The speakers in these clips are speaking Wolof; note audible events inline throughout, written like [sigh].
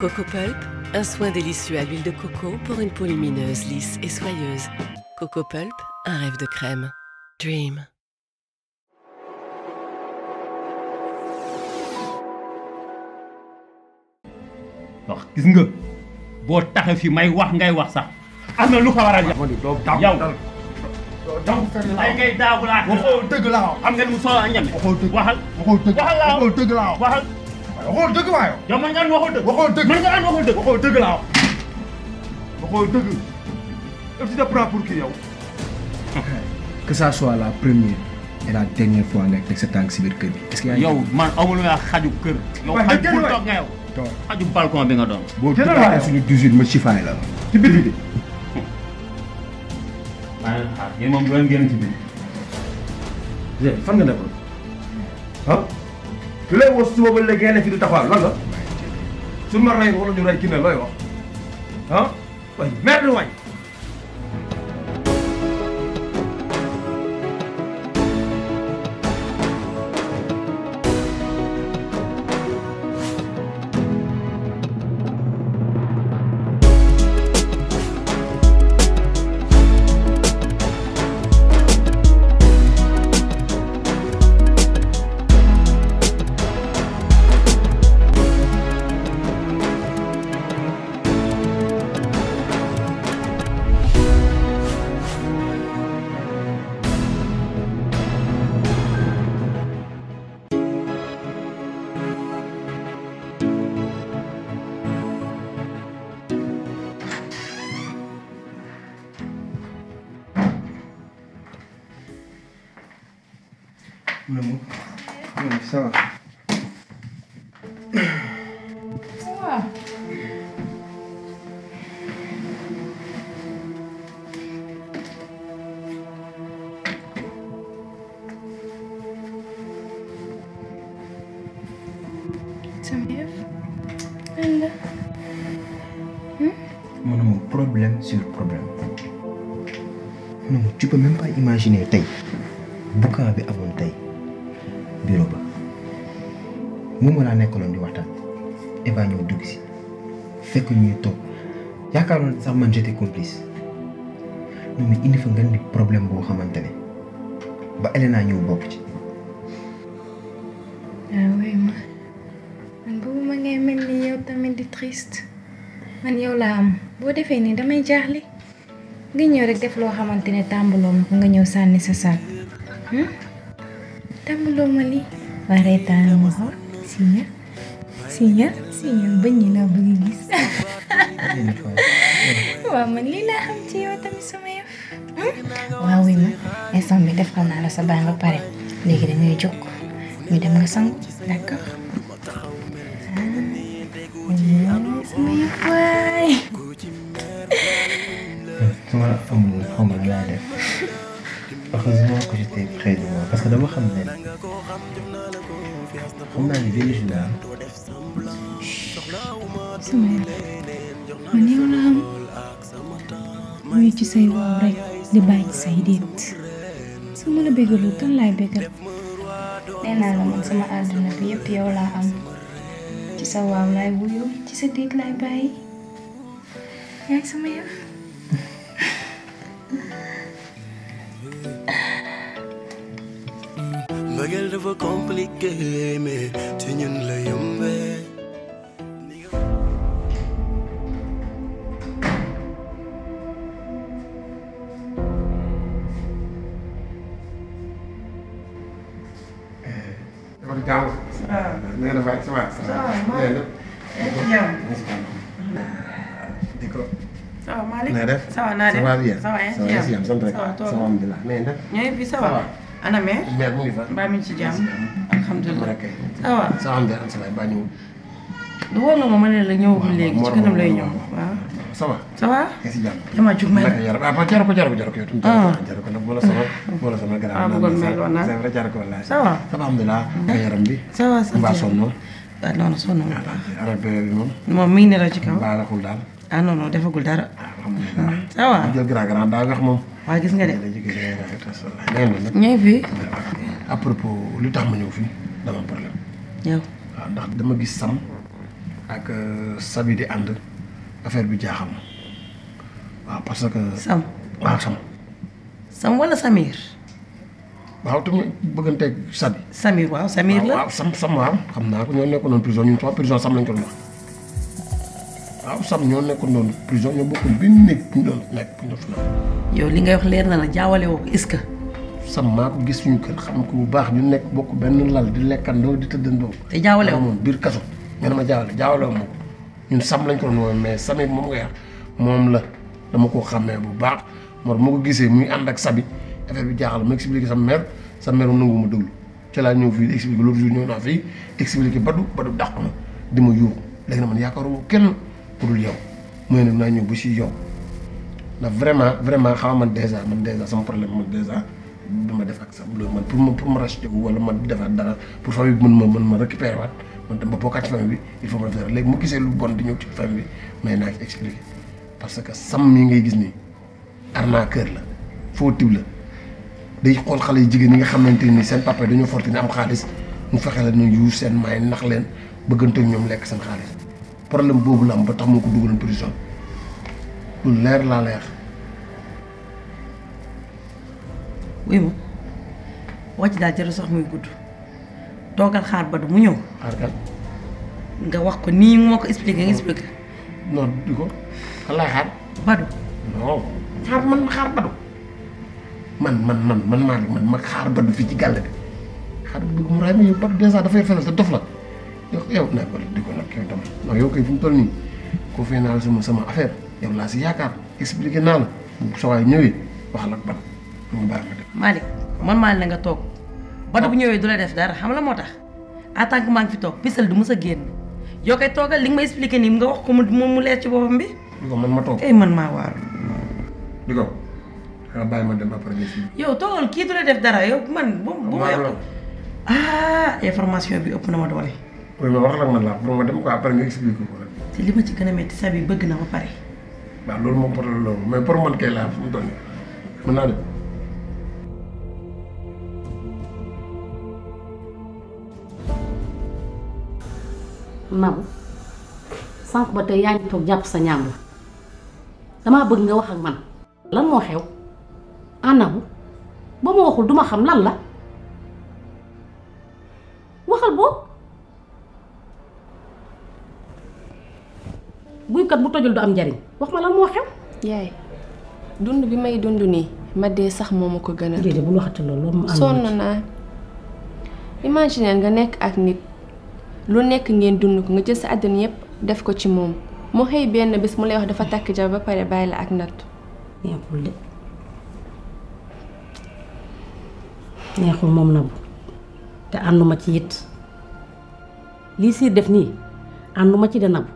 Coco Pulp, un soin délicieux à l'huile de coco pour une peau lumineuse, lisse et soyeuse. Coco Pulp, un rêve de crème. Dream. que ça soit la première et la dernière fois nga teg sa tànk si biir bi est-ce yow man amul nga xaju kër yow xaj pour toog nga yow xaju balcon bi nga doon boo dugalee suñu 18 ma chifaay la ci biir bi maa ngi xaar yéen moom bu Je génn ci biir fan nga looy wax suba ba léegi ne fi du taxawaal lan la su ma rey wala ñu rey ki ne looy wax ah way mer wañ problème sur problème non tu peux même pas imaginer tey boucan bi Tay. tey bureau ba moom laa nekkaloon di waxtaan Eva ñëw dugg si fekk ñuy toog yaakaaroon sax man j'étais complice non mais indi fa nga ni problème boo xamante ne ba Elena ñëw bokk ci. ah oui man man boobu ma ngay mel yow tamit di triste. man yow la am boo defee nii damay jaaxle nga ñëw rek def loo xamante ne tàmbaloo ma ko nga ñëw sànni sa saak hmm? tàmbaloo ma li waa reetaan ma xool siña siña siña bañ ñi laa bëgg gis [laughs] waaw man lii laa xam ci yow tamit sama yëf hmm? waaw wi ma instant bi def naa la sa baañ ba pare léegi dañuy jóg ñu dem nga sangu d'accord femme la xaw ma nu laa def heureusement que j'étais près de moi parce dama xam ne xam naa ne benn jour daal. man yow la am muy ci say wow rek di bàyyi say déet su ma la bégaloo kan laay bégal. nee man sama àdduna bi yëpp yow laa am ci sa waaw laay wuyu ci sa déet laay bàyyi mbëggeel dafa compliqué mais ci ñun la yombee gaaw nga def ak sama sama di ko waaw Malick ça va naa def ça va bien ça va bien sant rek ça va alhamdulilah mais def ñooy fi ça va ana mère mère mu ngi fa mbaa mi ngi ci jàmm alhamdulilah ah waaw sama mère an samay baa ñëwul du woon ma ma ne la ñëwagum léegi ci kanam lay ñëw waaw ça va ça va si jàmm dama jug may ko jaru ko jaru ko la sonal moo la sonal gannaaw ah bëggoon mel woon naa c'est vrai jaru ko bi ça va sant mbaa sonn ah non non mi ngi ne la ci kaw mbaa raxul daal ah non non defagul ça ah va jël grand grand daa weex moom. waaw gis nga de. ñooy fii. à propos lu tax ma ñëw fii dama am problème. yow. waaw ndax dama gis sam ak euh, sabi di ànd affaire bi jaaxal ma waaw parce que. sam waaw sam. sam wala Samir. waaw tamit bëgganteeg sabi. Samir waaw Samir la waaw sam sam waaw xam naa ko ñoo nekkoon prison ñun trois prison sam lañ ko doon wax. waaw sam ñoo nekkoon noonu prison ñoo bokkul bi yow li ngay wax leer na la jaawale woo ko est-ce que. sam maa ko gis suñu kër xam ko bu baax ñu nekk bokk benn lal di lekkandoo di tëddandoo. te jaawale moom biir kaso nga ne ma jaawale jaawale woo moom ñun sam lañ ko doon woowee mais samit moom nga moom la dama koo xam ne bu baax mor moo ko gisee muy ànd ak sabi affaire bi jaaxal ma expliqué sa mère sa mère nangu ma déglu ci laa ñëw fii expliqué l'autre jour ñëw naa fii expliqué badu badu dàq na di ma yuuxu léegi na man pour yow mu ne nag naa ñëw ba si yow ndax vraiment vraiment xaw man dèjà man dèjà sama problème man dèjà bi ma def ak sa loolu man pour ma pour ma racheter wala ma defaat dara pour famille bi mën ma mën ma récupérer waat man tam ba bokkaat famille bi il faut ma def dara léegi mu gisee lu bon di ñëw ci famille bi mais naa ci parce que sam mi ngay gis nii arnaqueur la faux type la day xool xale yi jigéen ñi nga xamante ni seen papa dañoo forti ne am xaalis mu fexe la ñu yuus seen maay nax leen bëgganteeg ñoom lekk seen xaalis. problème bobu la am ba tax moko ko prison lu leer la leer. oui mo wàcc dal jere sax muy gudd toogal xaar ba mu ñew xaar kan. nga wax ko ni moo ko expliqué nga expliquer non diko ko kan laay xaar. Badou. non xaar man ma xaar Badou. man man man man man man ma xaar Badou fi ci galle xaar bu mu raay ma yow déjà da fay fenal te dof la yow yow naa ko di ko nag yow tam non yow kay fi mu toll ko fee sama sama affaire yow laa si yaakaar expliqué naa la bu sa waay wax la ban ñu baax nga Malik, man maa la nga toog ba bu ñëwee du la def dara xam la moo tax en tant que maa ngi fi toog pisal du mës a génn yow kay toogal li nga ma expliqué nga wax ko mu mu leer ci boppam bi di man ma toog ay man maa waaru di ko xanaa bàyyi ma dem après yow toogal kii du la def dara yow man bu bu ah information bi ëpp na ma doole mooy ma wax la man laa pour ma dem quoi après nga expliqué ko rek. te ci bi bëgg na ba pare. waaw loolu moom problème la mais pour man kay laa fu mu toll nii mën naa dem. ba tey yaa ngi toog jàpp sa ñaam damaa bëgg nga wax ak man lan xew ba waxul duma xam lan la waxal buykat bu tojul du am njariñ wax ma lan moo xew. yaay dund bi may dund nii ma dee sax moom ma ko gën a. déedéet bul waxati loolu sonn naa imaginer nga nekk ak nit lu nekk ngeen dund ko nga jël sa àddina yépp def ko ci moom mu xëy benn bés mu lay wax dafa takk jabar ba pare bàyyi la ak natt. neexul de neexul moom na te ànduma ci it lii siir def nii ànduma ci de nabu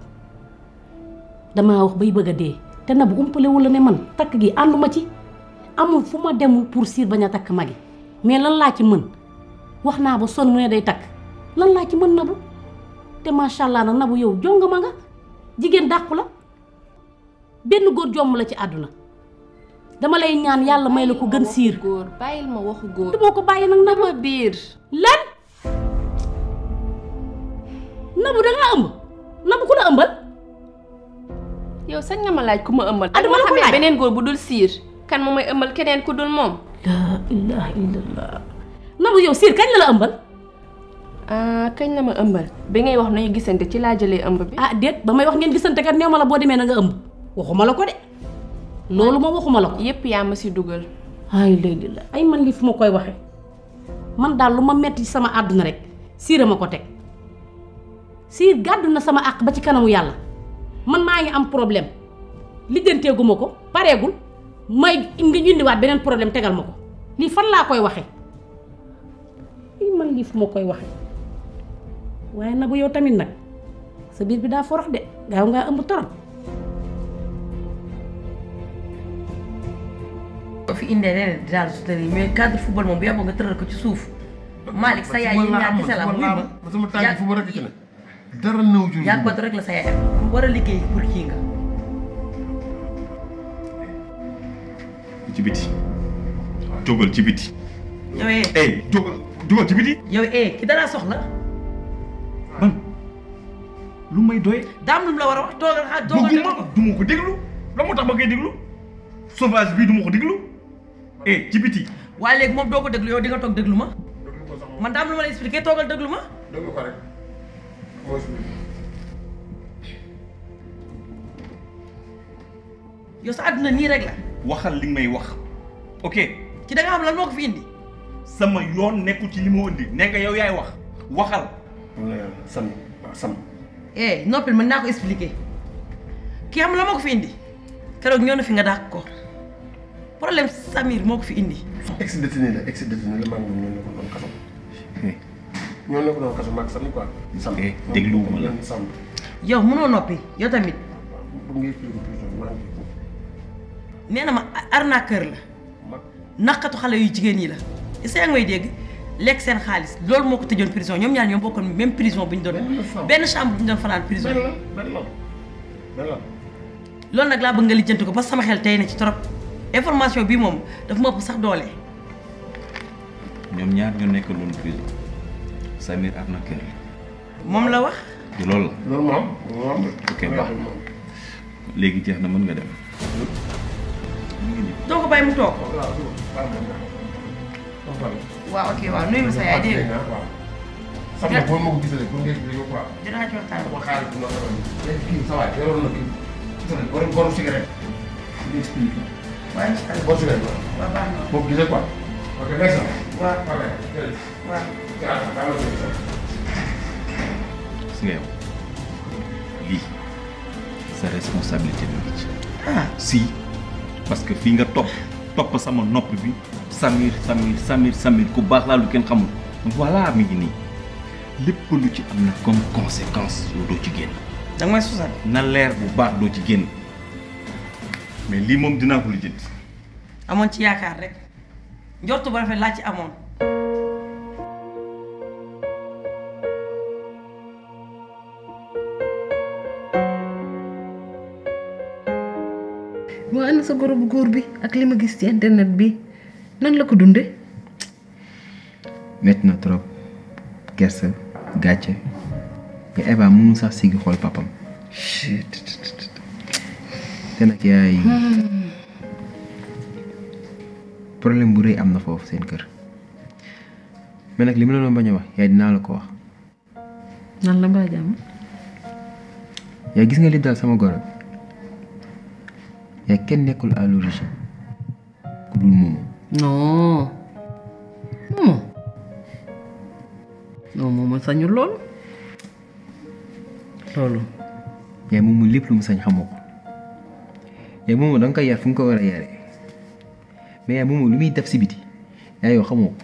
dama wax bay bëgg dé té na bu umpalewul la né man tak gi ànduma ci amul fu ma demul pour sir baña tak magi mais lan la ci mën waxna ba mu né day tak lan la ci mën nabu ma sha allah nag nabu yow jonga ma nga jigen dakku la benn goor jom la ci aduna dama lay ñaan yalla may la ko gën sir goor bayil ma waxu goor du boko nak nabu bir lan nabu da ngaa nabu kuda la ëmbal yow sañ nga ma laaj ku ma ëmbal. ah dama la ko laaj beneen bu dul kan mo may ëmbal keneen ku dul mom la ilaha illallah. bu yow sir, kan la la ah kan la ma ëmbal. bi ngay wax nañu gisante ci laa jëlee ëmb bi. ah deet ba may wax ngeen gisante kat neuma la bo demee na nga ëmb. waxuma la ko de. loolu mo waxuma la ko. yépp yaa ma si duggal ay léegi la ay man li fu ma koy waxee. man daal lu ma metti sama àdduna rek siira ko teg siir gàddu sama àq ba ci kanamu yàlla. man maa ngi am problème lijjanteegu ko pareegul may nga indiwaat beneen problème tegal ma ko lii fan laa koy waxe lii man lii fu ma koy waxe waaye na bu yow tamit nag sa biir bi daa forox de gaaw ngaa ëmb torop boo fi indee leneen daal su tëri mais cadre football moom bu yàggoo nga tëral ko ci suuf Malick sa yaay yi ñaar kese la ma sama tànk football rek ci ne dara nëw ju yàgg batu rek la sa yaay am war a liggéey pour kii nga ci biti jógal ci ee eh. eh jógal jógal ci biti eh, ki dara soxla man lu may doy daam lu la war a wax toogal xaar dogal du ma ko déglu la tax ma koy bii du ko déglu eh ci biti léegi moom doo ko déglu yow di nga toog déglu ma man daam lu ma la expliqué toogal déglu ma yow sa àdduna nii rek la. waxal li may wax ok. ci da nga xam lan moo ko fi indi. sama yoon nekkul ci li ma indi ne nga yow yaay wax waxal. sam sam. eh noppil mën naa ko expliquer ki xam la moo ko fi indi keroog ñëw na fi nga dàq ko problème Samir moo ko fi indi. ex détenu la ex détenu la maa ngi noonu la ko doon kasam. ñooñu la ko doon kaso mag sami quoi. sàmm eh, dégluwuma la sàmm yow mënoo noppi yow tamit. bu ngay firi prison maa ngi na ma la. mag xale yu jigéen ñi la. est-ce que may dégg lekk seen xaalis loolu moo ko tëjoon prison ñoom ñaar ñoom bokkoon même prison bu ñu doon. benn chambre bu ñu doon fanaan prison. benn benn benn loolu nag laa bëgg nga lijjanti ko ba sama xel tey na ci torop information bi moom dafa ma ëpp sax doole. ñoom ñaar ñoo nekk loon prison. sa Samir arnaqueur la. moom la wax. du loolu la. loolu moom ok na mën nga dem. doo ko bàyyi mu toog. ko gisalee gis quoi. Si, nga yow sa responsabilité la ah si parce que fii nga top topp sama nopp bi Samir Samir Samir Samir ku baax laa lu kenn xamul voilà mi ngi nii lépp lu ci am na comme conséquence yow doo ci ma da may susal. na leer bu baax doo ci génn mais lii moom dinaa ko lijjanti. amoon ci yaakaar rek njortu bu rafet laa ci amoon. Gurub bu bi ak lima gis ci internet bi nan la ko dundé met na trop kersa gatché ya Eva mu sax sigi xol papam. shit té nak yaay. problème bu reuy amna na seen kër. mais nak limu la doon bañ wax yaay dina la ko wax. Ya nan la ba jam ya gis nga li dal sama gorob yaa kenn nekkul à l'origine ku dul moomu. non moomu sañul lool loolu. yaay moomu lépp lu mu sañ xamoo ko yaay moomu da koy yar fu nga ko war a yaree mais yaay moomu lu muy def si biti yaay yoo xamoo ko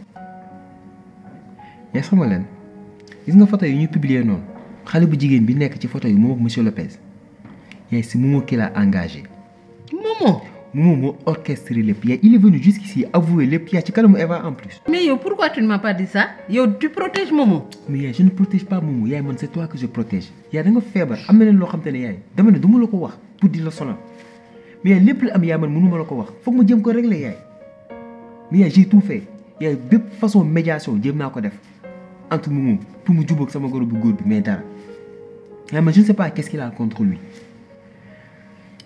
yaay sama leen gis nga foto yi ñu publier noonu xale bu jigéen bi nekk ci photo yi moom ak monsieur Lopez yaay si moomu ki la engagé. Comment Momo orchestré les Il est venu jusqu'ici avouer les pieds. Eva en plus. Mais yo, pourquoi tu ne m'as pas dit ça Yo, tu protèges Momo. Mais je ne protège pas Momo. c'est toi que je protège. Y'a d'un faible. Amène le ramène le voir pour dire le sonore. Mais les plus amis, man, nous le voir. Faut que moi, j'aime Mais j'ai tout fait. Y'a deux façons de médiation. J'aime def. Entre Momo, pour me que ça m'a je ne sais pas qu'est-ce qu'il a contre lui.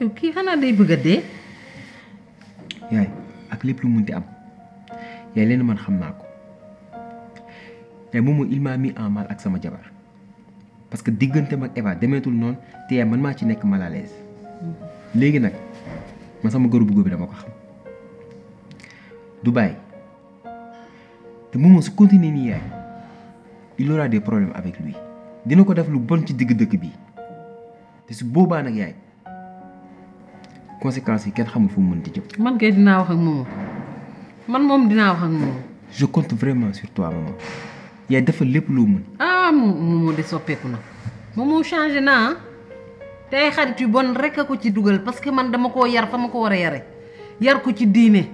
Oke, kan day bëgg a dee. yaay ak lu munti am yaay leen man xam naa ko yaay moom il m'a mis en mal ak sama jabar parce que diggante mag Eva demeetul noonu non, yaay man maa ci nekk mal à l'aise léegi nag man sama góor bu góor bi dama ko xam du bàyyi te su yaay il aura des problèmes avec lui dina ko def lu bon ci digg dëkk bi te su boobaa nag yaay. conséquences yi kenn xamul fu mu mën di jëm. man kay dinaa wax ak moom man moom dinaa wax ak moom. je compte vraiment sur toi maman. yaay dafa lépp loo mën. ah moom moo de soppeeku na moom moo changé naa ah. tey xarit yu bon rek a ko ci dugal parce que man dama koo yar fa ma ko war a yare yar ko ci diine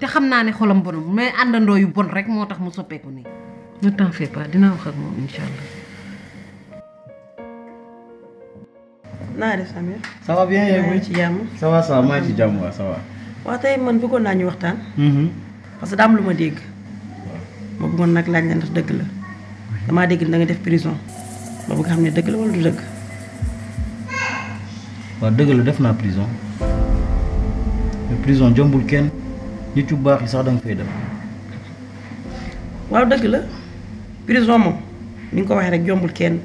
te xam naa ne xolam mu mais àndandoo yu bon rek moo tax mu soppeeku nii. ne t'en fais pas dinaa wax ak moom incha allah. Nah def Samir. ça va bien yow ci jàmm. ça va ça va maa ngi ci jàmm waaw ça va. waaw tey man bëggoon naa ñu waxtaan. parce que daa lu ma dégg. ma bëggoon nak laaj la ndax dëgg la damaa dégg da nga def prison ma ya, bëgg xam ne dëgg la wala du dëgg. mau. dëgg la def naa prison mais prison jombul kenn nit yu baax yi sax da nga fay dem. waaw dëgg la jombul kenn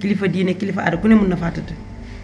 kilifa diine kilifa aada ku ne faa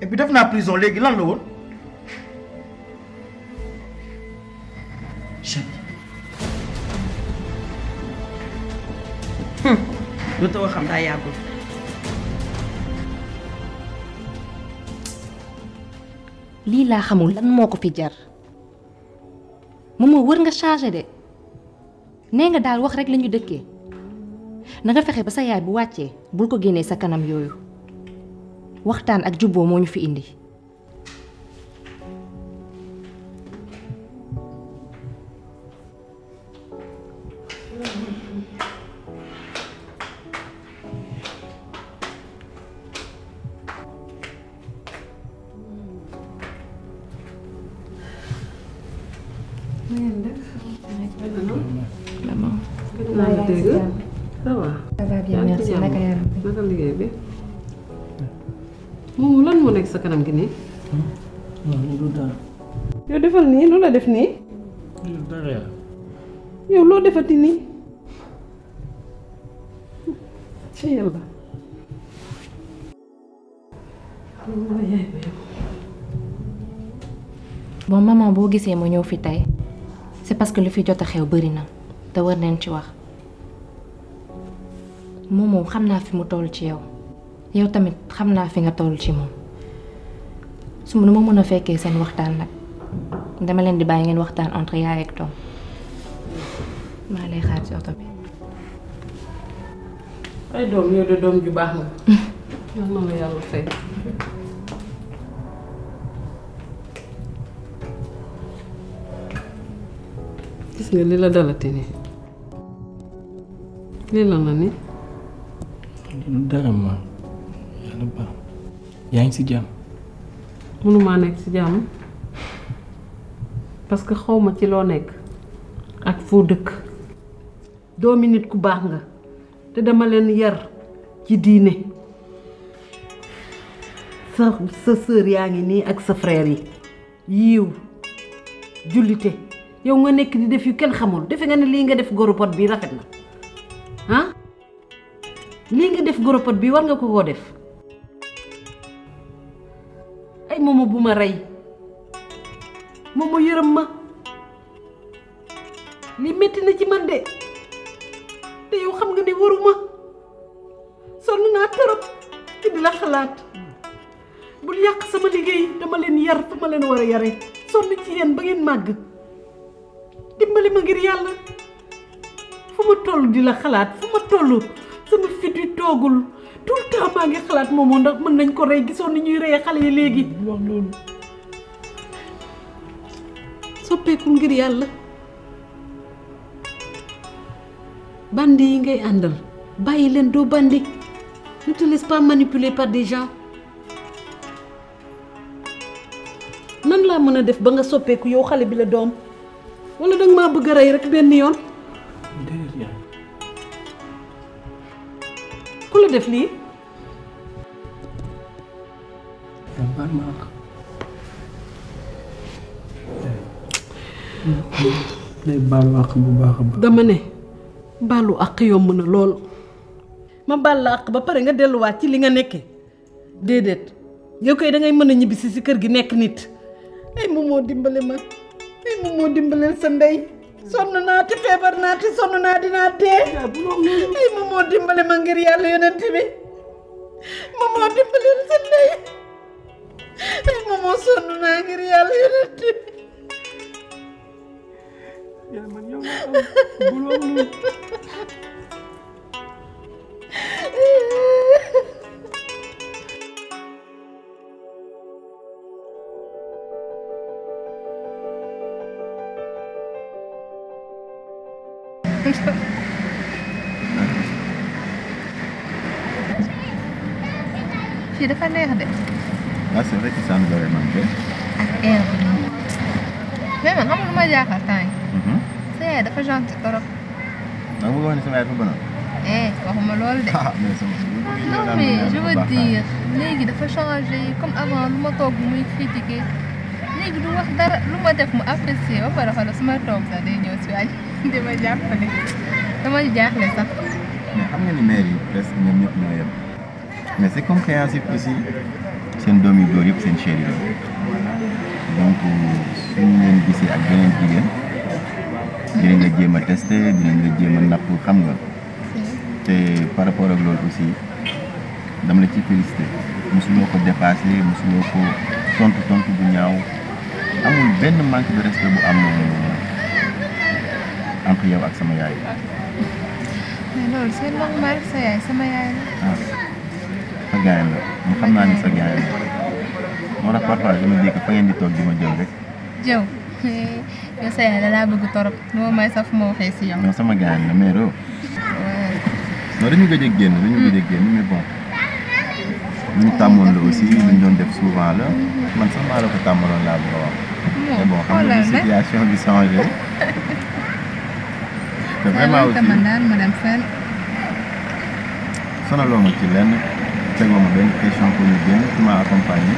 et def naa prison léegi lan la woon. lu taw lii laa xamul lan moo ko fi jar moom moo wër nga changé de nee nga daal wax rekk lañu dëkkee na fexe ba sa yaay bu wàccee bul ko génnee sa kanam yooyu. waxtaan ak jubboo moo ñu fi indi man gi ni waaw hmm. hmm, yow ya, defal ni lula def ni dara ya? yow ya, loo defati ni ci yalla bon maman bo gisee mo ñëw fi tay c'est parce que lu fi jotta xew beuri na te war nañ ci wax momo xamna fi mu toll ci yow yow tamit xamna fi nga toll ci mom su ma nu ma mën a fekkee seen waxtaan nag dama leen di bàyyi ngeen waxtaan entre yaay ak doom maa lay xaar ci oto bi. ay doom yow de doom ju baax nga. [laughs] na la nga ngi si jàmm. mënuma nekk ci jàmm parce que xawma ci loo nekk ak foo dëkk doomi nit ku baax nga te dama leen yar ci diine sa sa sœur yaa ngi nii ak sa frère yi yiw jullite yow nga nekk di def yu kenn xamul defe nga ne lii nga def goro pot bi rafet na ah lii nga def goro pot bi war nga ko koo def momo bu ray momo mooma ma li metti na ci man de te yow xam nga ni waruma son na torop ci dila xalat bul sama liggéey dama len yar fu ma leen yare son ci yeen ba ngeen mag dimbali ma ngir yalla fuma tollu dila di fuma tollu sama fitu togul tout le ngi xalaat moomoo ndax mën nañ ko rey gisoon ni ñuy reyee xale yi léegi. wax loolu soppeekul ngir yàlla bandi yi ngay àndal bàyyi leen doo bandi ne te laisse pas des gens nan laa mën a def ba nga soppeeku yow xale bi la doom wala danga maa bëgg a rey rek benn yoon. ku la def lii. mama. day balu ak bu baax dama ne balu ak yomb na lol. ma balu ak ba pare nga wat ci li nga nekkee Dedet. yow kay da ngay ci kër gi nekk nit. ay mo mo dimbalé ma ay mo mo dimbalé sa ndey sonn na ci feebar na te sonn na dina ya, té. ay mo mo dimbalé ma ngir Yalla yonent bi Mo mo dimbalé sa ndey. Emosun nangir ya lirde. Ya man yo bulu bulu. Fy, det kan jeg ha ah c'est vrai qu'il ma jaaxal temps yi. sa yaay dafa gentil trop. dafa bonal. eh lu ma toog ma def mu apprécié ba pare xoolal su ma toog sax ni maire yi presque ñoom ñëpp ñoo yem mais c'est compréhensif seen doom yu góor yëpp seen chéri la donc suñ leen gisee ak beneen jigéen dinañ la jéem a testé dinañ la napp xam nga te par rapport ak loolu aussi dama la ci félicité mosuloo ko dépassé mosuloo ko tontu tontu bu ñaaw amul benn manque de respect bu am entre ak sama yaay. sa la man xam naa ni sa gaayam la moo tax parfois dama dégg fa ngeen di toog di ma jëw rek. jëw yow sa yaay da laa bëgg torop moo may sax fu ma waxee si yow. sama gaayam la mais réew. non dañu gëj a génn dañu gëj a génn mais bon. lu tàmmoon la aussi lu doon def souvent la man sax maa la ko tàmmaloon laa [laughs] ma dem ma ci lenn. C'est ma benn question bien, qui m'a tu m'as accompagné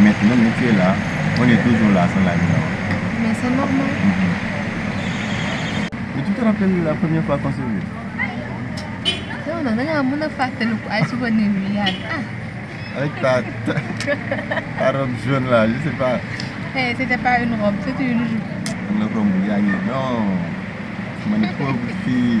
maintenant na mais tu es là on est toujours là sans la wax. mais c'est normal. Mm-hmm. mais tu te rappelles la première fois qu'on s'est vu. non non non, non, me ah, a fàttaliku ay souvenirs yu yàgg avec [laughs] ta robe jaune là je sais pas. eh c'était pas une robe c'était une jupe. une robe non. Je non une pauvre fille.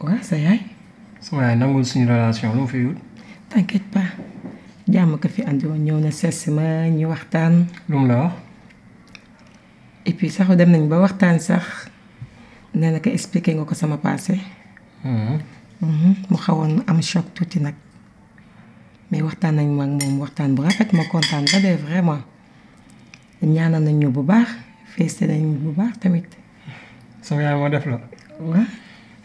waaw sa yaay. sama yaay nangul suñu relation lu mu fi wut. t'inquiète pas jàmm ko fi andi woon ñëw na seet si ma ñu waxtaan. lu mu la wax. et puis sax dem nañ ba waxtaan sax nee na ko expliqué nga ko sama passé. mu xawoon am choc tuuti nag mais waxtaan nañ moom waxtaan bu rafet ma kontaan ba dee vraiment ñaanal nañ ñu bu baax feeste nañ bu baax tamit. sama yaay moo def la. waaw.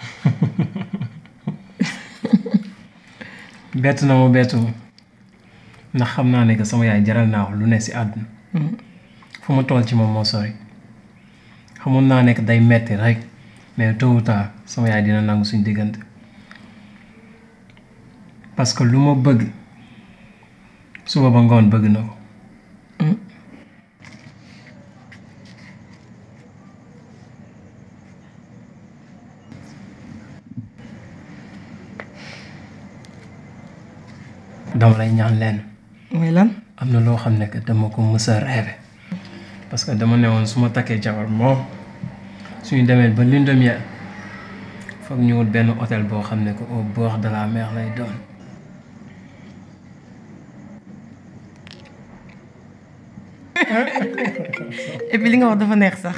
[laughs] bett na ma bettu ndax xam naa ne que sama yaay jaral naa lu ne si àdduna. Mm-hmm. fu ma tool ci moom moo sori xamoon naa nekk day metti rek mais tôt ou tard sama yaay dina nangu suñ diggante parce que lu ma bëgg suba ba ngoon bëgg na ko. dama lay ñaan lenn. mooy lan. am na loo xam ne que dama ko mës a rêvé que dama ne woon su ma takkee jabar moom suñu demee ba lune de miel ñu wut benn hôtel boo xam ne que au bord de la mer lay doon. [laughs] et li nga wax dafa neex sax.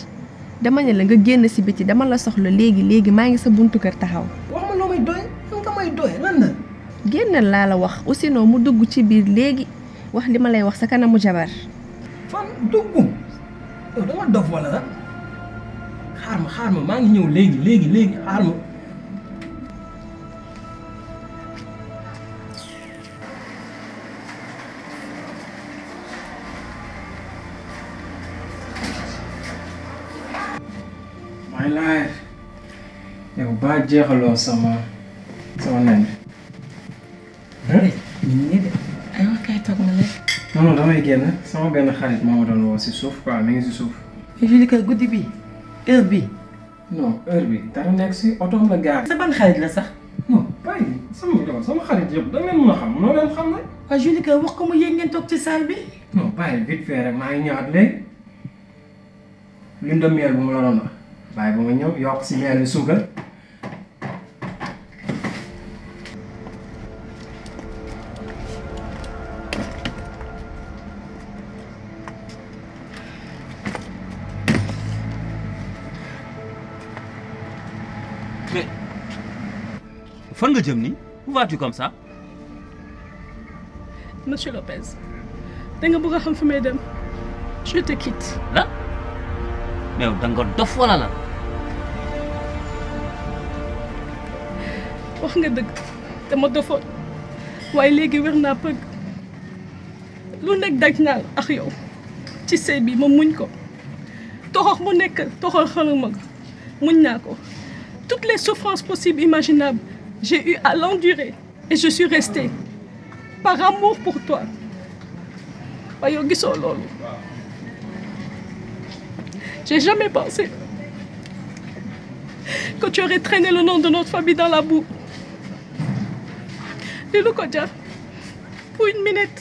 dama ne la nga génn si biti dama la soxla léegi léegi maa ngi sa buntu kër taxaw. wax ma loo may doy nga may doy lan génnal laa la wax aussi non mu dugg ci biir léegi wax li ma lay wax sa kanamu jabar. fan dugg yow dama dof wala xaar ma xaar ma maa ngi ñëw léegi léegi léegi xaar ma. jeexaloo sama sama nañ bi. aywa kay na lekk. non génn sama benn xarit moo doon woo si suuf mi ngi si suuf. Julie kay guddi bi heure bi non heure bi dara nekk si oto la gaar. sa ban xarit la sax. non bàyyi sama xarit yëpp da ngeen a xam noo leen xam rek. waaw Julie kay wax ko mu yéeg ngeen toog ci salle bi. non bàyyi vite fait rek maa ngi ñëwaat léegi. lune de miel bu mu la doon wax bàyyi ñëw yokk si miel bi suukar. fan nga jëm nii où vas-tu comme ça. monsieur Lopez da nga bëgg a xam dem je te quitte. Là, mais da nga dof wala la. wax nga dëgg dama dofoon waaye léegi wér naa pëgg lu nekk daj naa ak yow ci sëy bi ma muñ ko toxox mu nekk toxox xanu mag muñ naa ko toutes les souffrances possibles imaginables j'ai eu à l'endurer et je suis restée par amour pour toi. J'ai jamais pensé que tu aurais traîné le nom de notre famille dans la boue. pour une minute,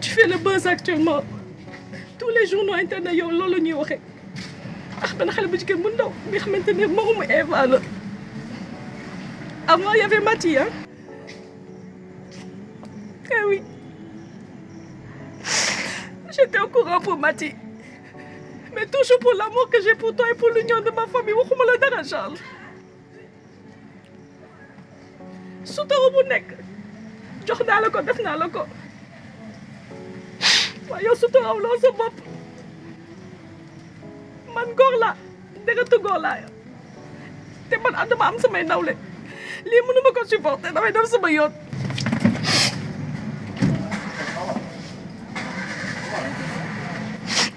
tu fais le buzz actuellement. Tous les journaux internet, ils ce je avant, il y avait Mati, hein Eh oui. J'étais au courant pour Mati. Mais toujours pour l'amour que j'ai pour toi et pour l'union de ma famille. Waxuma la dara Charles. sutura bu je jox là. Je ko def naa la ko waaye yow je ne suis pas man góor laa dëgatu góor laa te man dama am samay nawle ne me ma pas, supporter damay dem ce yoon.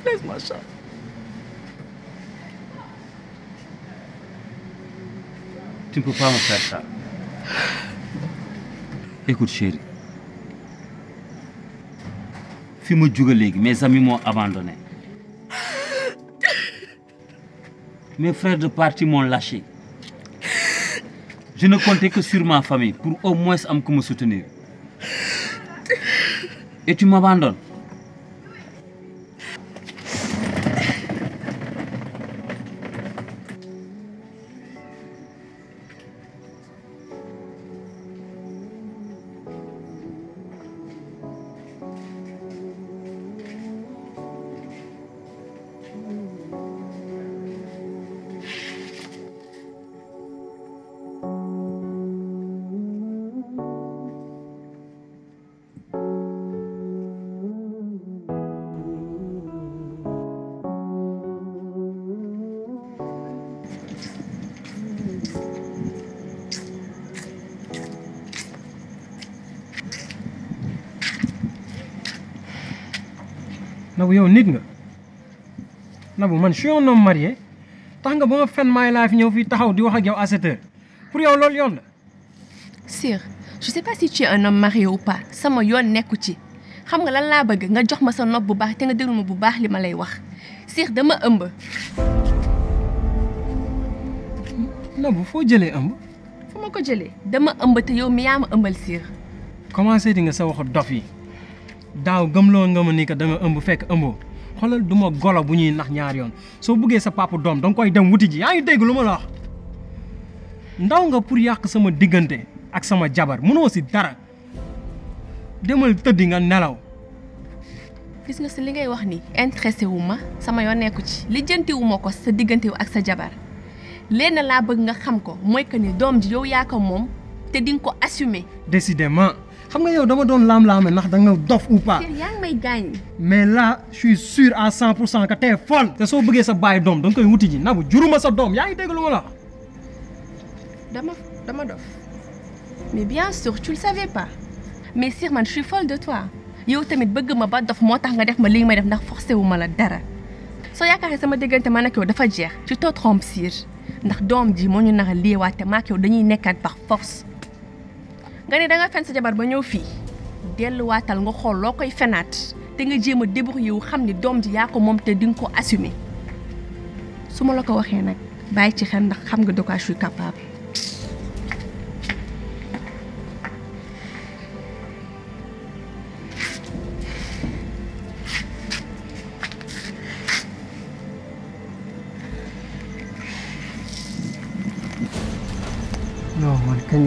laisse-moi ça. tu ne peux pas me faire ça. écoute chérie fi ma mes amis m'ont abandonné mes frères de parti m'ont lâché je ne comptais que sur ma famille pour au moins me soutenir. Et tu m'abandonnes. Nabou nit nga Nabou man je suis un homme marié tax nga ba ma fen maay laa fi taxaw di wax ak yow à 7 heure pour yow loolu yoon la. Sir je sais pas si tu es un homme marié ou pas sama yoon nekku ci xam nga lan la bëgg nga jox ma sa nopp bu baax te nga déglu ma bu baax li ma lay wax Sir dama ëmb. Nabou fo jëlé ëmb. fu ma ko jëlee dama ëmb te yow mi yaa ma ëmbal Sir. commencé di nga sa waxu dof yi. daaw gëmloo nga ma ni ka da nga ëmb fekk ëmbo xolal duma golo bu ñuy nax ñaar yoon so buggee sa papa dom dang koy dem wuti ji yaa ngi dégg lu ma la wax ndaw nga pour yàq sama diggante ak sama jabar mënoo si dara demal tëddi nga nelaw gis nga si li ngay wax ni intéressé wu ma sama yoon nekku ci lijjanti wu ma ko sa diggante ak sa jabar lenn laa bëgg nga xam ko mooy que ni doom ji yow yaa ko moom te di ko assumer décidément xam nga yow dama doon laam-laame ndax da nga dof ou pas. yaa ngi may gaañ. mais là je suis sûr à 100 pour cent que t'es folle. te soo bëggee sa baay doom da nga koy wuti ji nabu juruma sa doom yaa ngi dégg lu ma la. dama dama dof mais bien sûr tu le savais pas mais Sirman je suis folle de toi yow tamit bëgg ma ba dof moo tax nga def ma lii may def ndax forcé wu ma la dara. soo yaakaaree sama déggante man ak yow dafa jeex. tu te trompes sir ndax doom ji moo ñu nar a lii waat ma yow dañuy nekkaat par force. nga ne da nga fen sa jabar ba ñëw fii delluwaatal nga xool loo koy fenaat te nga jéem a débrouiller wu xam ni doom ji yaa ko moom te di nga ko assumer su ma la ko waxee nag bàyyi ci xel ndax xam nga de quoi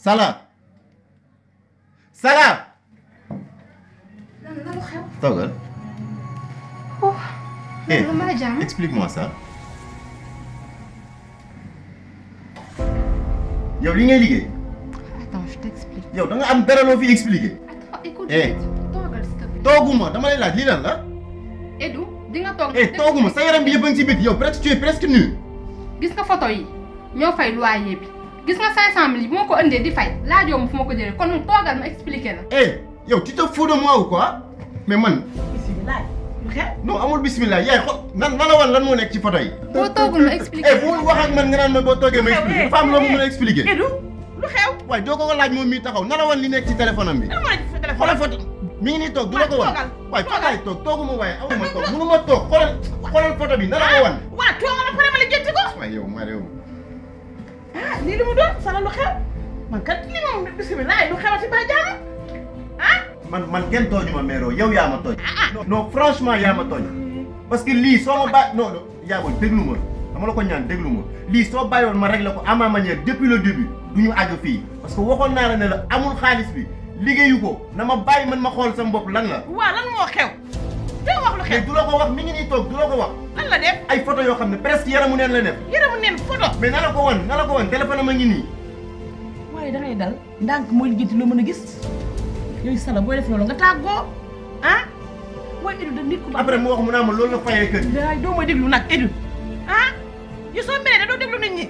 Salah ça explique-moi ça. yow li ngay attends je t'explique. Tu da nga am expliquer. attends écoute. Eh. s'il te plaît. dama lay laaj lii lan la. Edu di nga eh, sa yaram bi ngi ci tu es presque nu. gis photo yi loyer gis nga 500000 yi bu ma ko ëndee di fay laajoo ma fu ma ko jëlee kon toogal ma expliqué la. eh yow tu te fous de moi mais man. bisimilah. non amul bisimilah yaay xool nan nan la lan moo nekk ci photo yi. boo toogul eh, nga naan ma boo toogee ma expliqué eh, am a eh, expliqué. Edu lu xew. waaye doo ko ko laaj moom mii taxaw nan la li nekk ci téléphone bi. lan mi ngi nii toog du la ko wan waaye fa ma toog mënu ma toog xoolal xoolal photo bi nan la ah, wan. waaw toogal ma pare ma la jënd ko. waaye yow ma réew ah lii li mu doon sala lu xew man kat lii moom bisimilah lu xew si ba jaara ah. man man kenn tooñu ma Mero yow yaa ma tooñ. Ah, ah. non franchement yaa ma tooñ. parce que lii soo ma ba non non yaa ma déglu ma dama la ko ñaan déglu ma lii soo bàyyoon ma rek la ko à ma manière depuis le début du ñu àgg fii parce waxoon naa la ne la amul xaalis bi liggéeyu ko na ma bàyyi man ma xool sa bopp lan la. waaw lan moo xew. te wax lu xew du ya, la ko wax mi ngi nii toog du la ko wax lan la def ay photo yoo xam presque yaramu neen la def yaramu neen photo mais na ko wan nala la ko wan téléphone ma ngi nii waaye ya, da ngay ya, dal gitu ndànk mooy liggéey loo mën a gis yooyu sala booy def loolu nga tàggoo ah mooy Edu da nit ku baax après mu wax mu naa ma loolu la fayee kër daay doo ma déglu nag Edu ah yu so meree da doo déglu nit ñi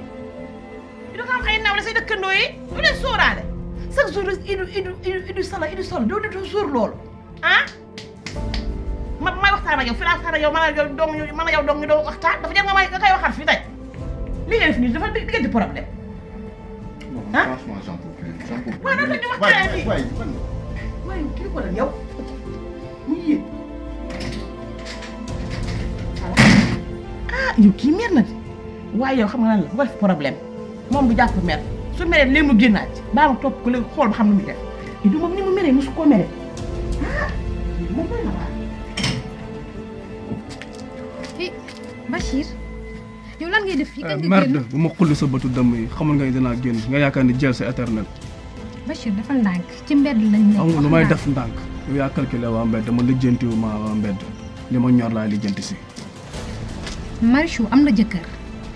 Edu nga am ay nawle say dëkkandoo yi du leen sóoraale chaque jour Edu Edu Edu sala Edu sala doo doo sóor loolu ah ma may man ak yow dong ñu man ak yow dong ñu doon waxtaan kii ko ah, mer na de waaye yow xam nga lan la bu ko def problème moom bu jàpp mer su meree léegi mu génnaat ci baa ma topp ko léegi ba xam nu mu def et du moom ni mu meree mosu Bachir yow lan ngay def fii kañ nga euh, génn merde bu ma xulli sa bëtu dëmm yi xamul nga ni dinaa génn nga yaakaar ni jël sa éternel. Bachir dafa ndànk ci mbedd lañ nekk. amul lu may def ndànk yow yaa calculé waa mbedd ma lijjantiwu ma waa mbedd li ma ñor laa lijjanti si. Marichou am na jëkkër.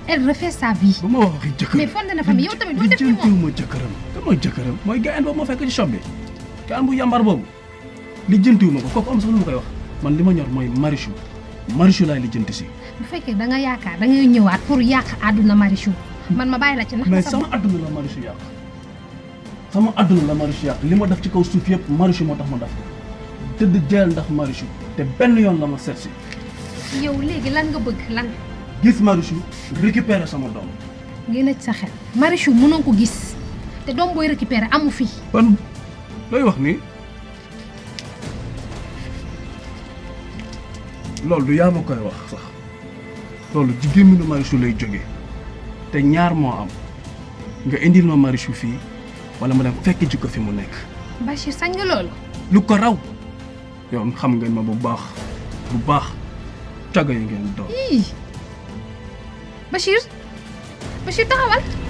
elle refait sa vie. ma wax waxi ci moom lijjantiwuma jëkkëram. kan mooy jëkkëram mooy gaañ boobu ma fekk ci shop bi gaan bu yambar boobu lijjantiwuma ko kooku am sax lu koy wax man li ma ñor mooy Marichou Marichou laay lijjanti si bu fekkee da nga yaakaar da ngay ñëwaat pour yàq àdduna Marichou man ma bàyyi la ci ndax. mais sama àdduna la Marichou yàq sama àdduna la Marichou yàq li ma def ci kaw suuf yëpp Marichou moo tax ma def tëdd jël ndax Marichou te benn yoon la ma seet yow léegi lan nga bëgg lan. gis Marichou récupérer sama doom. ngeen ci sa xel Marichou mënoon ko gis te doom booy récupérer amu fi. ban looy wax nii. loolu du yaa koy wax sax. loolu ci gémminu Marichou lay jógee te ñaar moo am nga indil ma Marichou fii wala ma dem fekk ji ko fi mu nekk. Bachir sañ nga loolu. lu ko raw yow xam ngeen ma bu baax bu baax caga yu ngeen doon. Bachir Bachir taxawal.